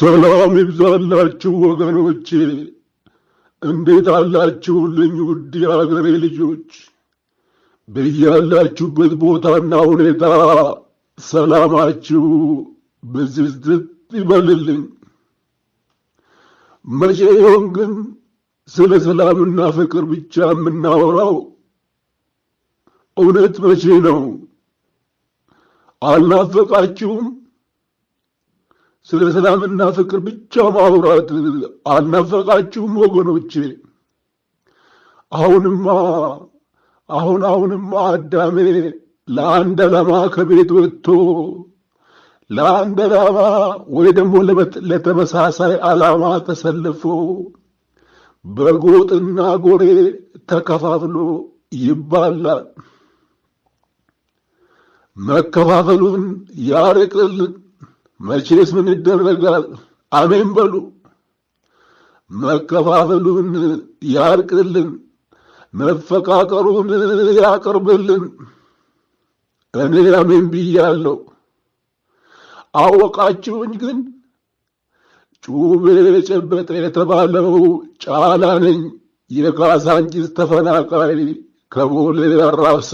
ሰላም ይብዛላችሁ ወገኖች እንዴት አላችሁልኝ? ውድ የአገሬ ልጆች በያላችሁበት ቦታና ሁኔታ ሰላማችሁ በዝዝት ይበልልኝ። መቼ ይሆን ግን ስለ ሰላምና ፍቅር ብቻ የምናወራው? እውነት መቼ ነው? አልናፈቃችሁም? ስለ ሰላምና ፍቅር ብቻ ማውራት አልናፈቃችሁም ወገኖች? አሁንማ አሁን አሁንማ አዳሜ ለአንድ ዓላማ ከቤት ወጥቶ ለአንድ ዓላማ ወይ ደግሞ ለተመሳሳይ ዓላማ ተሰልፎ በጎጥና ጎሬ ተከፋፍሎ ይባላል። መከፋፈሉን ያርቅልን። መቼስ ምን ይደረጋል? አሜን በሉ። መከፋፈሉን ያርቅልን፣ መፈቃቀሩን ያቅርብልን። እኔ አሜን ብያለሁ። አወቃችሁኝ ግን ጩቤ ጨበጠ የተባለው ጫላ ነኝ፣ የካሳንቺስ ተፈናቃይ ከቦሌ አራብሳ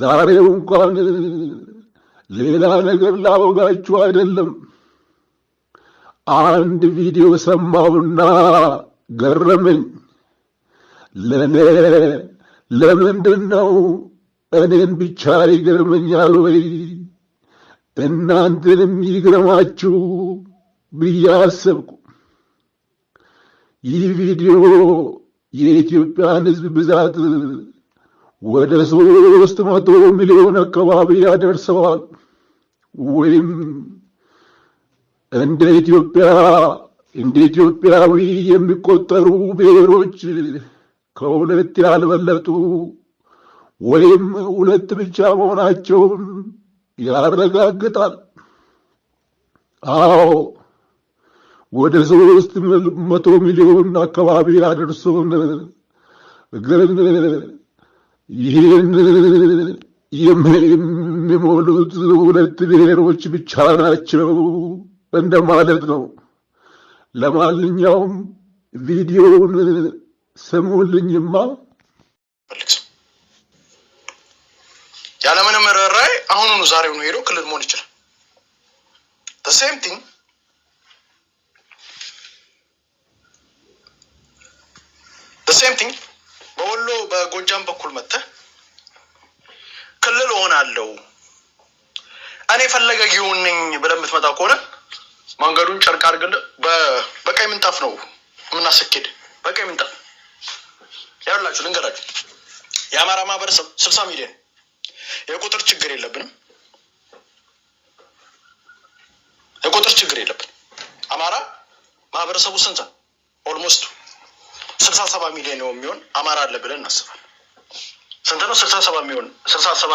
ዛሬው እንኳን ሌላ ነገር ላወጋችሁ አይደለም። አንድ ቪዲዮ ሰማሁና ገረመኝ። ለእኔ ለምንድን ነው እኔን ብቻ ይገርመኛል ወይ እናንተንም ይግረማችሁ ብዬ አሰብኩ። ይህ ቪዲዮ የኢትዮጵያን ሕዝብ ብዛት ወደ ሶስት መቶ ሚሊዮን አካባቢ ያደርሰዋል። ወይም እንደ ኢትዮጵያ እንደ ኢትዮጵያዊ የሚቆጠሩ ብሔሮች ከሁለት ያልበለጡ ወይም ሁለት ብቻ መሆናቸውን ያረጋግጣል። አዎ ወደ ሶስት መቶ ሚሊዮን አካባቢ ያደርሰውን ግን የሚሞሉት ሁለት ብሔሮች ብቻ ናቸው እንደማለት ነው። ለማንኛውም ቪዲዮውን ስሙልኝማ። ያለምንም ርኅራኄ አሁኑኑ ዛሬ ሆኖ ሄዶ ክልል መሆን ይችላል። ሴም ቲንግ ሴም ቲንግ በወሎ በጎጃም በኩል መጥተህ ክልል እሆናለሁ እኔ ፈለገ ጊዮን ነኝ ብለህ የምትመጣ ከሆነ መንገዱን ጨርቅ አድርግልህ። በቀይ ምንጣፍ ነው የምናስኬድ። በቀይ ምንጣፍ ያላችሁ ልንገራችሁ፣ የአማራ ማህበረሰብ ስልሳ ሚሊዮን የቁጥር ችግር የለብንም። የቁጥር ችግር የለብን። አማራ ማህበረሰቡ ስንት ኦልሞስት ስልሳ ሰባ ሚሊዮን የሚሆን አማራ አለ ብለን እናስባል። ስንት ነው? ስልሳ ሰባ የሚሆን ስልሳ ሰባ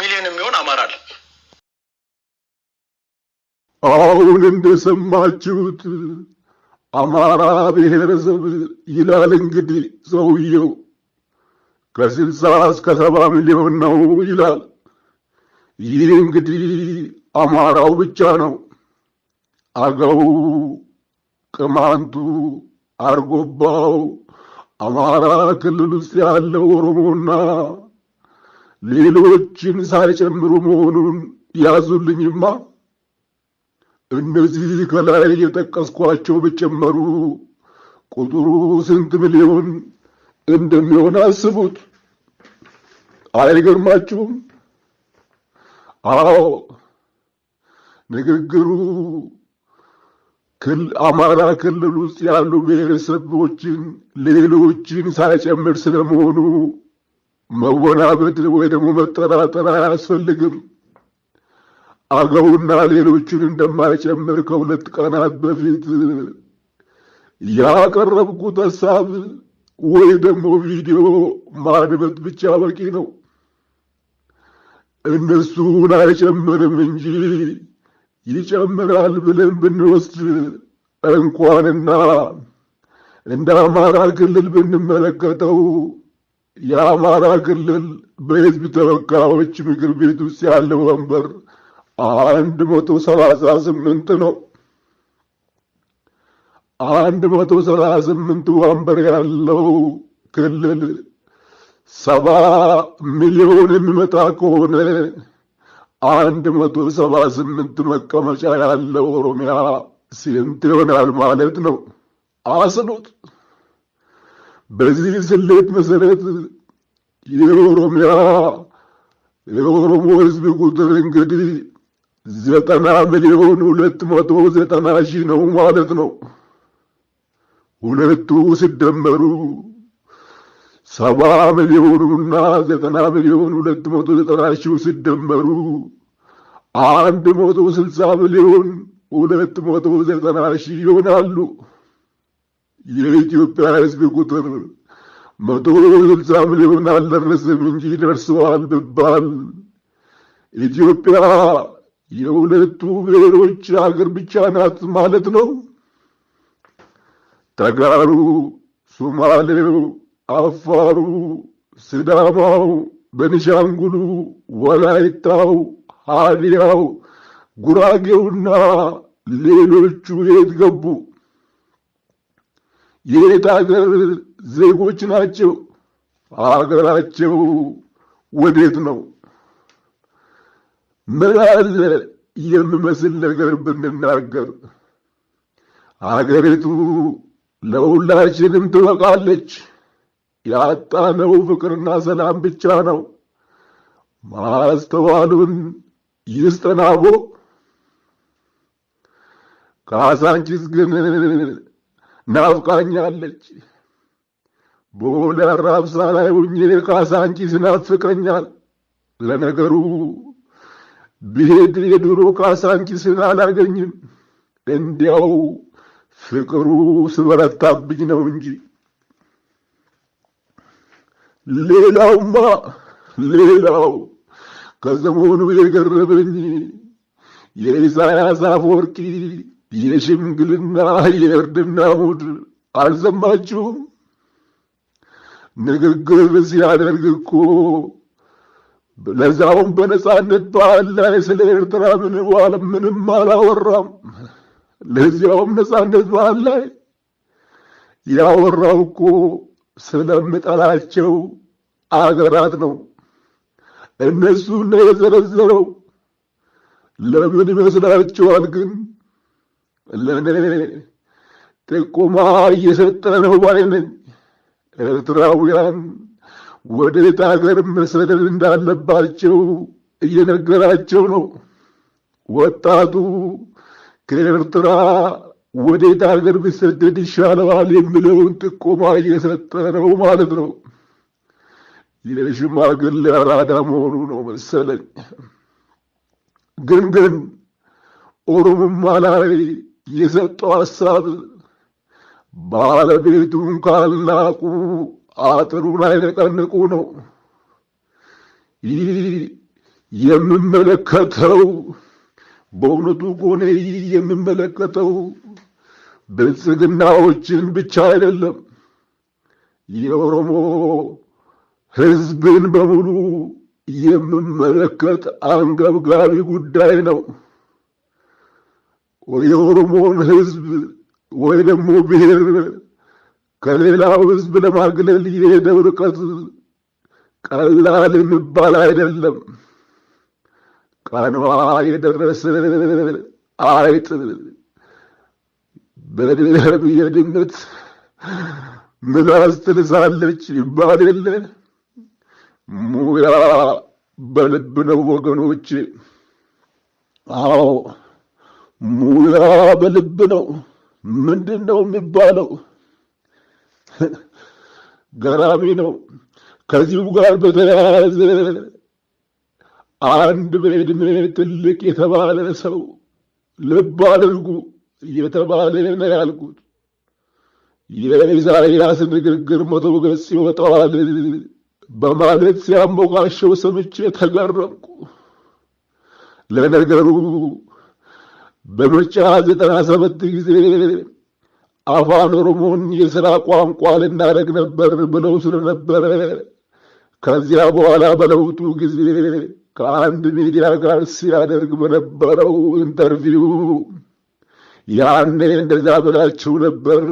ሚሊዮን የሚሆን አማራ አለ። አሁን እንደሰማችሁት አማራ ብሔረሰብ ይላል እንግዲህ ሰውየው ከስልሳ እስከ ሰባ ሚሊዮን ነው ይላል። ይህ እንግዲህ አማራው ብቻ ነው። አገው፣ ቅማንቱ፣ አርጎባው አማራ ክልል ውስጥ ያለው ኦሮሞና ሌሎችን ሳይጨምሩ መሆኑን ያዙልኝማ እነዚህ ከላይ የጠቀስኳቸው ቢጨመሩ ቁጥሩ ስንት ሚሊዮን እንደሚሆን አስቡት። አይገርማችሁም? አዎ ንግግሩ አማራ ክልል ውስጥ ያሉ ብሔረሰቦችን ሌሎችን ሳይጨምር ስለመሆኑ መወናበድ ወይ ደግሞ መጠራጠር አያስፈልግም። አገውና ሌሎችን እንደማይጨምር ከሁለት ቀናት በፊት ያቀረብኩት ሀሳብ ወይ ደግሞ ቪዲዮ ማድመጥ ብቻ በቂ ነው። እነሱን አይጨምርም እንጂ ይጨምራል ብለን ብንወስድ እንኳንና እንደ አማራ ክልል ብንመለከተው የአማራ ክልል በሕዝብ ተወካዮች ምክር ቤት ውስጥ ያለው ወንበር አንድ መቶ ሰላሳ ስምንት ነው። አንድ መቶ ሰላሳ ስምንት ወንበር ያለው ክልል ሰባ ሚሊዮን የሚመጣ ከሆነ አንድ መቶ ሰባ ስምንት መቀመጫ ያለው ኦሮሚያ ስንት ይሆናል ማለት ነው? አስሉት። በዚህ ስሌት መሰረት የኦሮሚያ የኦሮሞ ህዝብ ቁጥር እንግዲህ ዘጠና ሚሊዮን ሁለት መቶ ዘጠና ሺህ ነው ማለት ነው። ሁለቱ ሲደመሩ ሰባ ሚሊዮኑና ዘጠና ሚሊዮን ሁለት መቶ ዘጠና ሺው ሲደመሩ አንድ መቶ ስልሳ ሚሊዮን ሁለት መቶ ዘጠና ሺ ይሆናሉ። የኢትዮጵያ ሕዝብ ቁጥር መቶ ስልሳ ሚሊዮን አልደረስም እንጂ ደርሰዋል ብባል ኢትዮጵያ የሁለቱ ብሔሮች አገር ብቻ ናት ማለት ነው። ተጋሩ ሶማሌው አፋሩ፣ ስዳማው፣ በንሻንጉሉ፣ ወላይታው፣ ሀዲያው፣ ጉራጌውና ሌሎቹ የት ገቡ? የየት አገር ዜጎች ናቸው? አገራቸው ወዴት ነው? ምን አለ ነገር ብንናገር አገሪቱ ለሁላችንም ትበቃለች። ያጣነው ፍቅርና ሰላም ብቻ ነው። ማስተዋሉን ይስጠናቦ። ካሳንቺስ ግን ናፍቃኛለች። ቦሌ አራብሳ ላይ ሁኜ ካሳንቺስ ናፍቀኛል። ለነገሩ ብሄድ የድሮ ካዛንቺስን አላገኝም። እንዲያው ፍቅሩ ስበረታብኝ ነው እንጂ ሌላውማ ሌላው ከሰሞኑ የገረመኝ የኢሳያስ አፈወርቂ የሽምግልና የእርድና ሙድ አልሰማችሁም? ንግግር ሲያደርግ እኮ ለዛውም በነፃነት በዓል ላይ ስለ ኤርትራ ምንም አላወራም። ለዚያውም ነፃነት በዓል ላይ ያወራው እኮ ስለምጠላቸው አገራት ነው። እነሱ ነው የዘረዘረው። ለምን ይመስላችኋል? ግን ለምን ጥቆማ እየሰጠ ነው ባይ ኤርትራውያን ወደ ቤት ሀገር መሰደድ እንዳለባቸው እየነገራቸው ነው። ወጣቱ ከኤርትራ ወዴት ሀገር ብሰደድ ይሻለዋል የሚለውን ጥቆማ እየሰጠ ነው ማለት ነው። ግን ለራዳ መሆኑ ነው መሰለኝ። ግን ግን ኦሮምማ ላይ የሰጠው ሀሳብ ባለቤቱን ካልናቁ አጥሩን አይነቀንቁ ነው። ይህ የምመለከተው በእውነቱ ጎኔ የምመለከተው ብልጽግናዎችን ብቻ አይደለም የኦሮሞ ሕዝብን በሙሉ የምመለከት አንገብጋቢ ጉዳይ ነው። የኦሮሞን ሕዝብ ወይ ደግሞ ብሔር ከሌላው ሕዝብ ለማግለል የሄደው ርቀት ቀላል የሚባል አይደለም። ቀኗ የደረሰ አይጥ በድነት ምላስ ትልሳለች ይባል የለ ሙያ በልብ ነው ወገኖች። አዎ ሙያ በልብ ነው። ምንድን ነው የሚባለው? ገራሚ ነው። ከዚሁ ጋር በተያያዘ አንድ በዕድሜ ትልቅ የተባለ ሰው ልብ አድርጉ እየተባለ ነው ያልኩት። የዛይራስ ንግግር መቶ ገጽ ይወጣዋል በማለት ሲያሞጋሸው ሰምቼ ተገረምኩ። ለነገሩ በምርጫ ዘጠና ሰባት ጊዜ አፋን ኦሮሞን የሥራ ቋንቋ ልናደርግ ነበር ብለው ስለነበረ ከዚያ በኋላ በለውጡ ጊዜ ከአንድ ሚዲያ ጋር ሲያደርግ በነበረው ኢንተርቪው ያኔ እንደዛ ብላችሁ ነበር።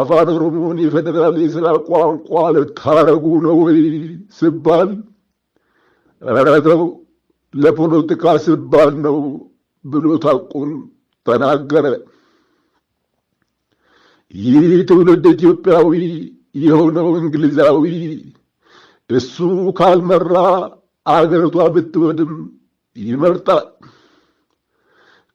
አፋን ኦሮሞን የፌደራል የስራ ቋንቋ ልታረጉ ነው ስባል ረረተው ለፖለቲካ ስባል ነው ብሎ ታቁን ተናገረ። ይህ ትውልድ ኢትዮጵያዊ የሆነው እንግሊዛዊ እሱ ካልመራ አገሪቷ ብትወድም ይመርጣል።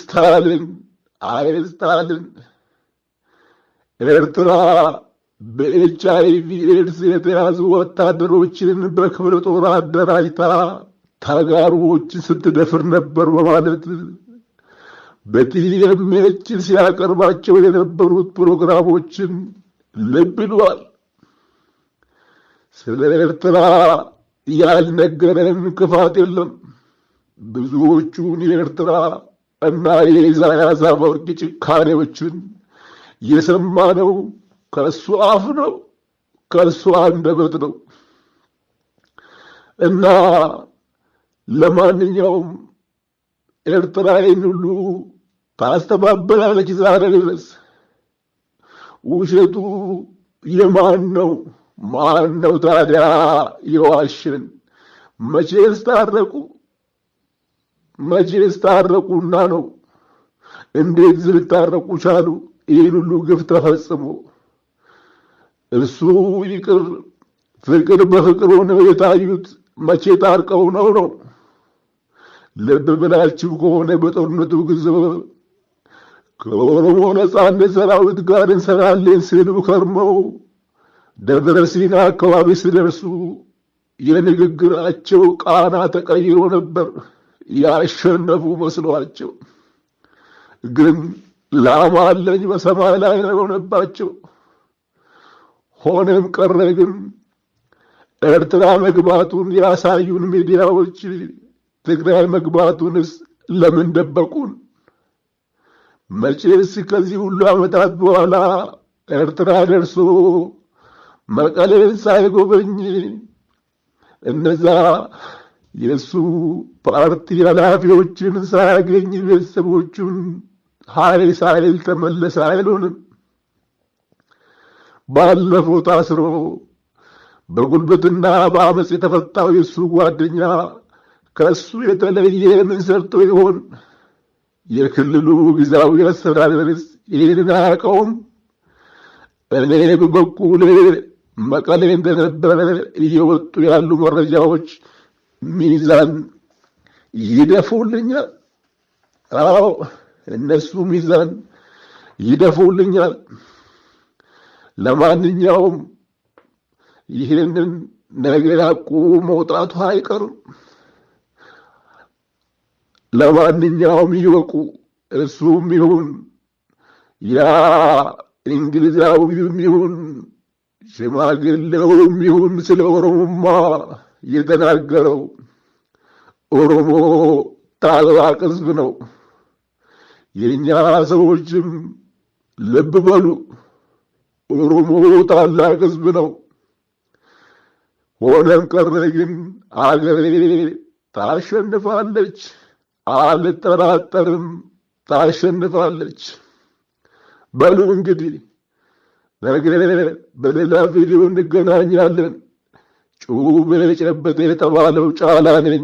ስታሊን አይስታሊን ኤርትራ በኤች ኤድስ የተያዙ ወታደሮችን በክፍለ ጦር አደራጅታ ታጋሪዎችን ስትደፍር ነበር በማለት በቲኤምኤች ሲያቀርባቸው የነበሩት ፕሮግራሞችን ልብ ይሏል። ስለ ኤርትራ ያልነገረን ክፋት የለም። ብዙዎቹን የኤርትራ እና የዛያዛመወርቅ የሰማ የሰማነው ከእሱ አፍ ነው፣ ከእሱ አንደበት ነው እና ለማንኛውም ኤርትራዊን ሁሉ ታስተባበላለች ዛሬ ድረስ። ውሸቱ የማን ነው? ማን ነው ታዲያ የዋሽን? መቼ ስታረቁ? መቼ ታረቁና ነው? እንዴት ልታረቁ ቻሉ? ይህን ሁሉ ግፍ ተፈጽሞ እርሱ ይቅር ፍቅር በፍቅር ሆነው የታዩት መቼ ታርቀው ነው ነው? ልብ ብላችሁ ከሆነ በጦርነቱ ጊዜ ከኦሮሞ እንደ ሰራዊት ጋር እንሰራለን ሲሉ ከርመው ደብረ ሲና አካባቢ ሲደርሱ የንግግራቸው ቃና ተቀይሮ ነበር። ያሸነፉ መስሏቸው ግን ላማለኝ አለኝ በሰማይ ላይ ነው ሆነም ቀረ ግን ኤርትራ መግባቱን ያሳዩን ሚዲያዎች ትግራይ መግባቱንስ ለምን ደበቁን? መቼስ ከዚህ ሁሉ ዓመታት በኋላ ኤርትራ ደርሶ መቀሌን ሳይጎበኝ እነዛ የእሱ ፓርቲ ኃላፊዎችን ሳያገኝ ቤተሰቦቹን ኃይል ሳይል ተመለሰ አይሉንም። ባለፈው ታስሮ በጉልበትና በአመፅ የተፈታው የእሱ ጓደኛ ከእሱ የተለየ ምን ሰርቶ ይሆን? የክልሉ ጊዜያዊ አስተዳደርስ ይህንን አያውቀውም። እኔ በበኩል መቀሌ እንደነበረ እየወጡ ያሉ መረጃዎች ሚዛን ይደፉልኛል። አዎ እነሱ ሚዛን ይደፉልኛል። ለማንኛውም ይህንን ነገር ያቁ መውጣቱ አይቀርም። ለማንኛውም ይወቁ እሱ ይሁን ያ እንግሊዛዊውም ይሁን ሽማግሌውም ይሁን ስለ ኦሮሞማ የተናገረው ኦሮሞ ታላቅ ሕዝብ ነው። የእኛ ሰዎችም ልብ በሉ፣ ኦሮሞ ታላቅ ሕዝብ ነው። ሆነም ቀረ ግን አገሬ ታሸንፋለች፣ አልጠራጠርም፣ ታሸንፋለች። በሉ እንግዲህ በሌላ ቪዲዮ እንገናኛለን። ጩቤ ጨበጠ የተባለው ጫላን